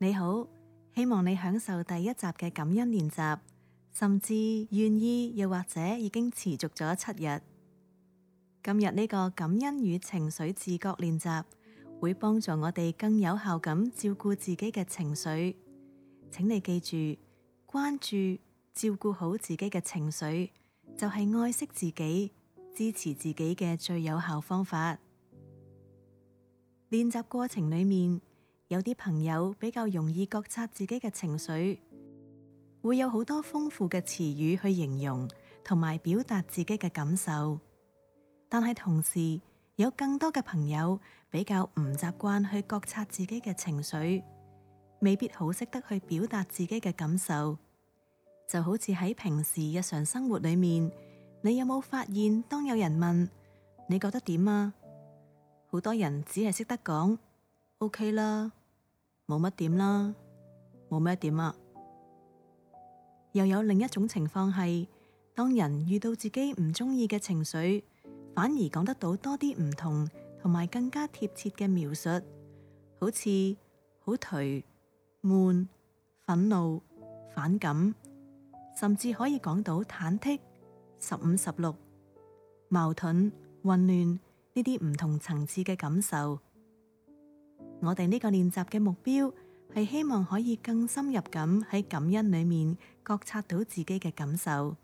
你好，希望你享受第一集嘅感恩練習，甚至願意又或者已經持續咗七日。今日呢個感恩與情緒自覺練習，會幫助我哋更有效咁照顧自己嘅情緒。請你記住，關注照顧好自己嘅情緒，就係愛惜自己、支持自己嘅最有效方法。練習過程裏面。有啲朋友比較容易覺察自己嘅情緒，會有好多豐富嘅詞語去形容同埋表達自己嘅感受。但係同時有更多嘅朋友比較唔習慣去覺察自己嘅情緒，未必好識得去表達自己嘅感受。就好似喺平時日常生活裏面，你有冇發現當有人問你覺得點啊？好多人只係識得講 OK 啦。冇乜點啦，冇咩點啊！又有另一種情況係，當人遇到自己唔中意嘅情緒，反而講得到多啲唔同同埋更加貼切嘅描述，好似好頹、悶、憤怒、反感，甚至可以講到忐忑、十五十六、矛盾、混亂呢啲唔同層次嘅感受。我哋呢個練習嘅目標係希望可以更深入咁喺感恩裏面覺察到自己嘅感受。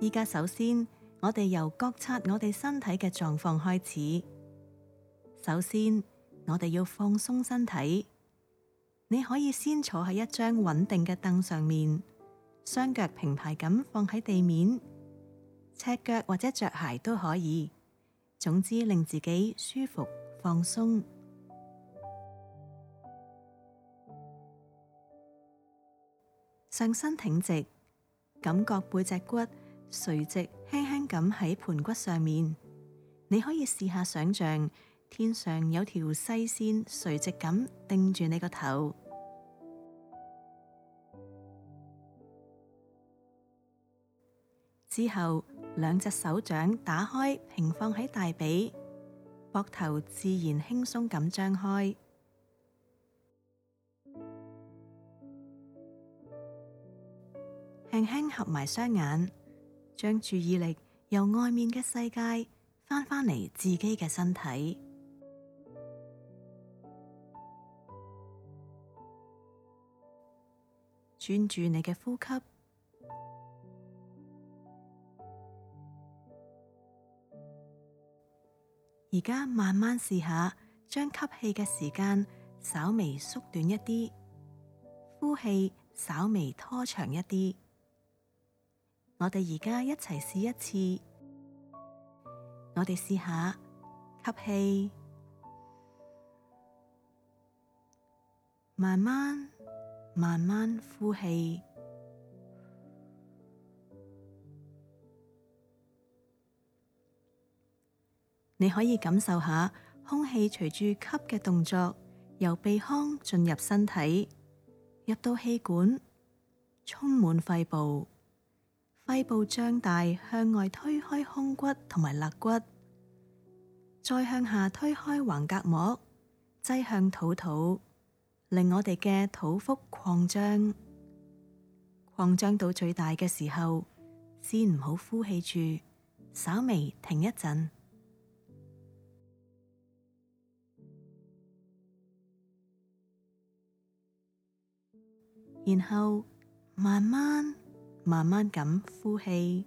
依家首先，我哋由覺察我哋身體嘅狀況開始。首先，我哋要放鬆身體。你可以先坐喺一張穩定嘅凳上面，雙腳平排咁放喺地面，赤腳或者着鞋都可以。總之，令自己舒服、放鬆。上身挺直，感覺背脊骨垂直，輕輕咁喺盆骨上面。你可以試下想象天上有條細線垂直咁釘住你個頭。之後兩隻手掌打開平，平放喺大髀，膊頭自然輕鬆咁張開。輕輕合埋雙眼，將注意力由外面嘅世界翻返嚟自己嘅身體，專注你嘅呼吸。而家慢慢試下，將吸氣嘅時間稍微縮短一啲，呼氣稍微拖長一啲。我哋而家一齊試一次，我哋試下吸氣，慢慢，慢慢呼氣。你可以感受下空氣隨住吸嘅動作，由鼻腔進入身體，入到氣管，充滿肺部。肺部脹大，向外推開胸骨同埋肋骨，再向下推開橫膈膜，擠向肚肚，令我哋嘅肚腹擴張。擴張到最大嘅時候，先唔好呼氣住，稍微停一陣，然後慢慢。慢慢咁呼氣。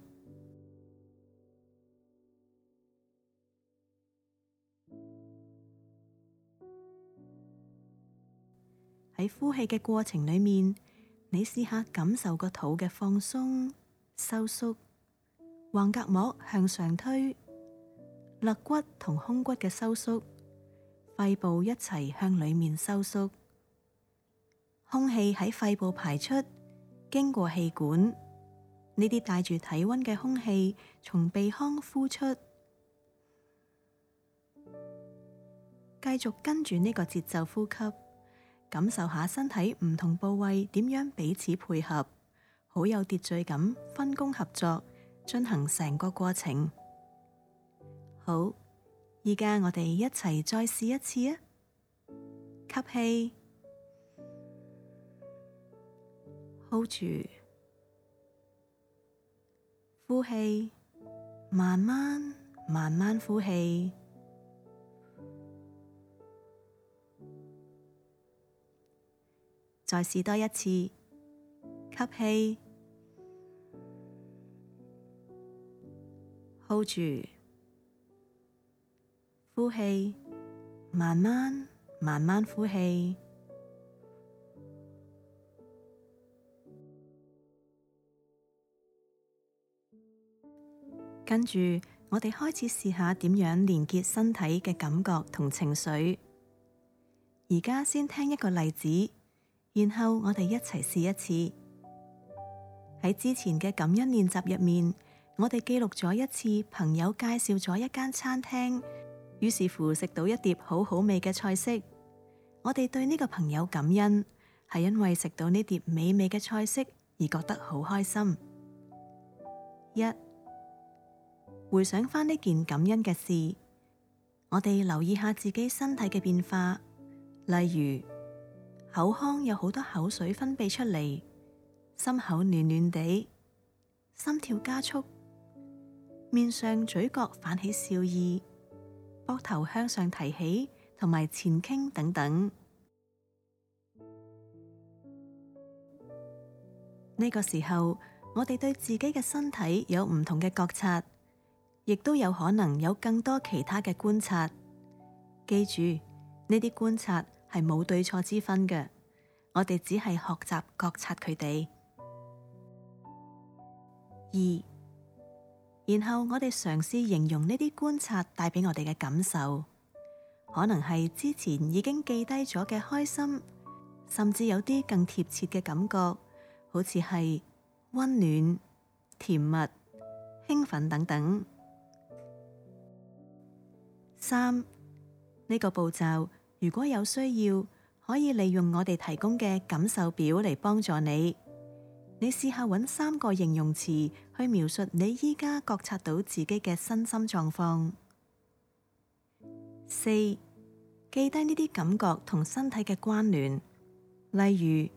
喺呼氣嘅過程裏面，你試下感受個肚嘅放鬆、收縮，橫膈膜向上推，肋骨同胸骨嘅收縮，肺部一齊向裏面收縮，空氣喺肺部排出，經過氣管。呢啲帶住體溫嘅空氣從鼻腔呼出，繼續跟住呢個節奏呼吸，感受下身體唔同部位點樣彼此配合，好有秩序噉，分工合作進行成個過程。好，依家我哋一齊再試一次啊！吸氣，hold 住。呼氣，慢慢慢慢呼氣，再試多一次，吸氣，hold 住，呼氣，慢慢慢慢呼氣。跟住，我哋開始試下點樣連結身體嘅感覺同情緒。而家先聽一個例子，然後我哋一齊試一次。喺之前嘅感恩練習入面，我哋記錄咗一次朋友介紹咗一間餐廳，於是乎食到一碟好好味嘅菜式。我哋對呢個朋友感恩，係因為食到呢碟美味嘅菜式而覺得好開心。一回想返呢件感恩嘅事，我哋留意下自己身體嘅變化，例如口腔有好多口水分泌出嚟，心口暖暖地，心跳加速，面上嘴角泛起笑意，膊頭向上提起，同埋前傾等等。呢個時候，我哋對自己嘅身體有唔同嘅覺察。亦都有可能有更多其他嘅觀察，記住，呢啲觀察係冇對錯之分嘅。我哋只係學習覺察佢哋。二，然後我哋嘗試形容呢啲觀察帶俾我哋嘅感受，可能係之前已經記低咗嘅開心，甚至有啲更貼切嘅感覺，好似係溫暖、甜蜜、興奮等等。三，呢個步驟，如果有需要，可以利用我哋提供嘅感受表嚟幫助你。你試下揾三個形容詞去描述你依家覺察到自己嘅身心狀況。四，記低呢啲感覺同身體嘅關聯，例如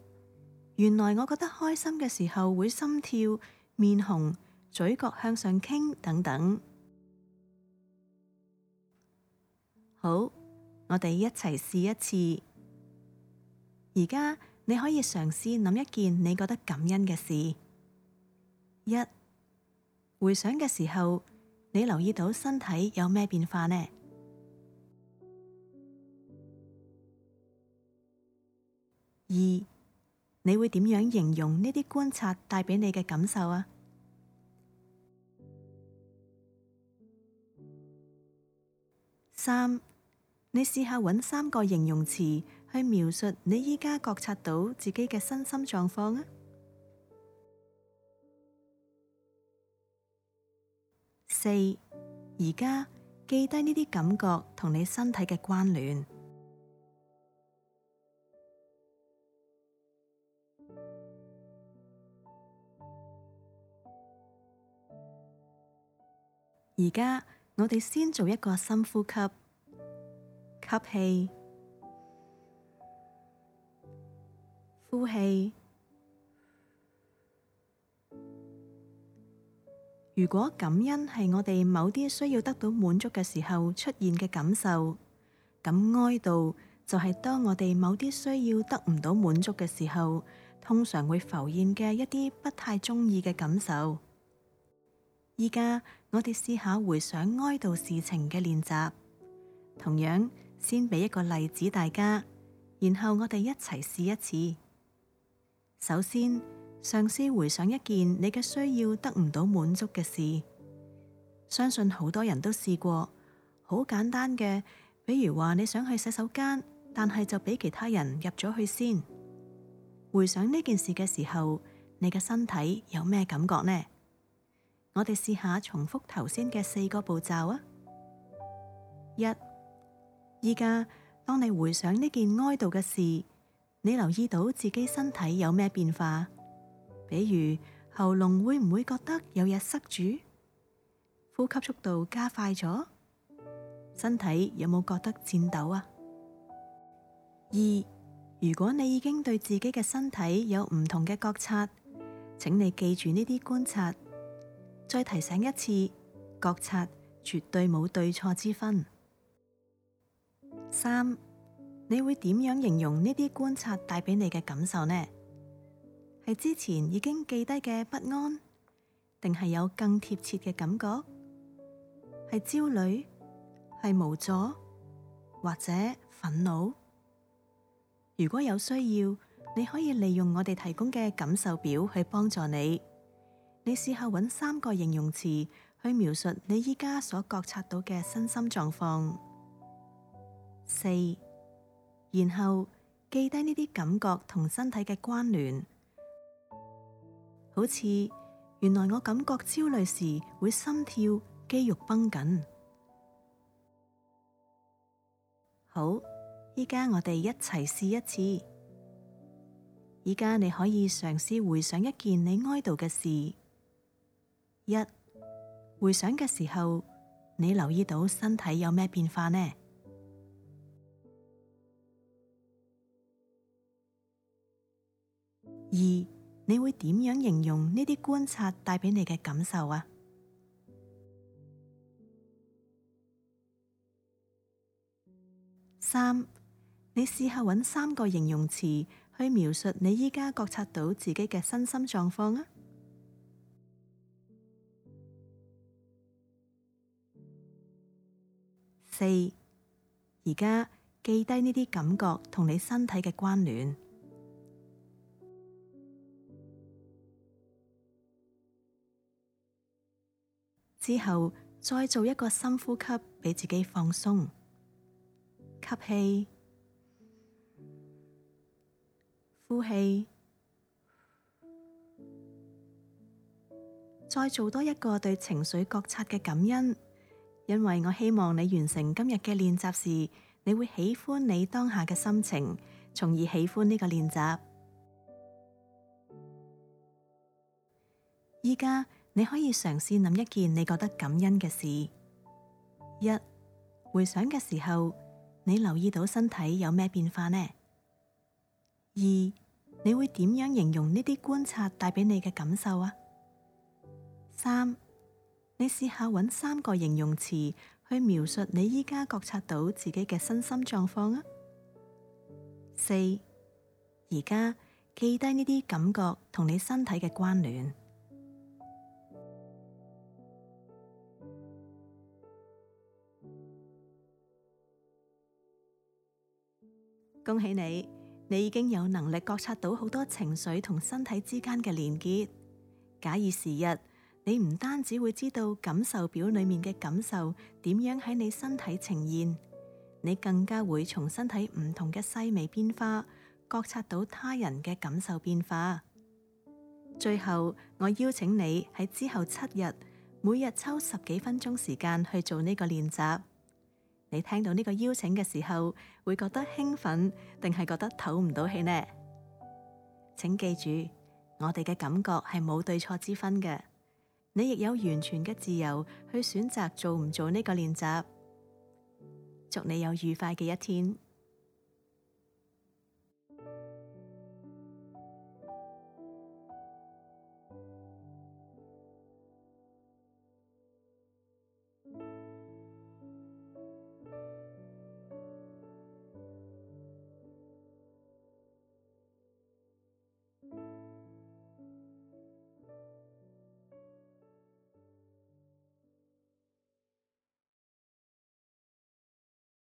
原來我覺得開心嘅時候會心跳、面紅、嘴角向上傾等等。好，我哋一齊試一次。而家你可以嘗試諗一件你覺得感恩嘅事。一、回想嘅時候，你留意到身體有咩變化呢？二、你會點樣形容呢啲觀察帶俾你嘅感受啊？三。你試下揾三個形容詞去描述你而家覺察到自己嘅身心狀況啊！四，而家記低呢啲感覺同你身體嘅關聯。而家我哋先做一個深呼吸。吸氣，呼氣。如果感恩係我哋某啲需要得到滿足嘅時候出現嘅感受，咁哀悼就係當我哋某啲需要得唔到滿足嘅時候，通常會浮現嘅一啲不太中意嘅感受。依家我哋試下回想哀悼事情嘅練習，同樣。先俾一個例子大家，然後我哋一齊試一次。首先，嘗試回想一件你嘅需要得唔到滿足嘅事，相信好多人都試過，好簡單嘅，比如話你想去洗手間，但係就俾其他人入咗去先。回想呢件事嘅時候，你嘅身體有咩感覺呢？我哋試下重複頭先嘅四個步驟啊！一依家當你回想呢件哀悼嘅事，你留意到自己身體有咩變化？比如喉嚨會唔會覺得有日塞住？呼吸速度加快咗？身體有冇覺得顫抖啊？二，如果你已經對自己嘅身體有唔同嘅覺察，請你記住呢啲觀察。再提醒一次，覺察絕對冇對錯之分。三，你會點樣形容呢啲觀察帶俾你嘅感受呢？係之前已經記低嘅不安，定係有更貼切嘅感覺？係焦慮？係無助？或者憤怒？如果有需要，你可以利用我哋提供嘅感受表去幫助你。你試下搵三個形容詞去描述你依家所覺察到嘅身心狀況。四，然後記低呢啲感覺同身體嘅關聯，好似原來我感覺焦慮時會心跳、肌肉繃緊。好，依家我哋一齊試一次。依家你可以嘗試回想一件你哀悼嘅事。一回想嘅時候，你留意到身體有咩變化呢？二，你會點樣形容呢啲觀察帶俾你嘅感受啊？三，你試下揾三個形容詞去描述你依家覺察到自己嘅身心狀況啊。四，而家記低呢啲感覺同你身體嘅關聯。之後再做一個深呼吸，俾自己放鬆，吸氣、呼氣，再做多一個對情緒覺察嘅感恩，因為我希望你完成今日嘅練習時，你會喜歡你當下嘅心情，從而喜歡呢個練習。依家。你可以嘗試諗一件你覺得感恩嘅事。一、回想嘅時候，你留意到身體有咩變化呢？二、你會點樣形容呢啲觀察帶俾你嘅感受啊？三、你試下揾三個形容詞去描述你依家覺察到自己嘅身心狀況啊？四、而家記低呢啲感覺同你身體嘅關聯。恭喜你，你已經有能力覺察到好多情緒同身體之間嘅連結。假以時日，你唔單止會知道感受表裏面嘅感受點樣喺你身體呈現，你更加會從身體唔同嘅細微變化，覺察到他人嘅感受變化。最後，我邀請你喺之後七日，每日抽十幾分鐘時間去做呢個練習。你聽到呢個邀請嘅時候，會覺得興奮，定係覺得唞唔到氣呢？請記住，我哋嘅感覺係冇對錯之分嘅。你亦有完全嘅自由去選擇做唔做呢個練習。祝你有愉快嘅一天。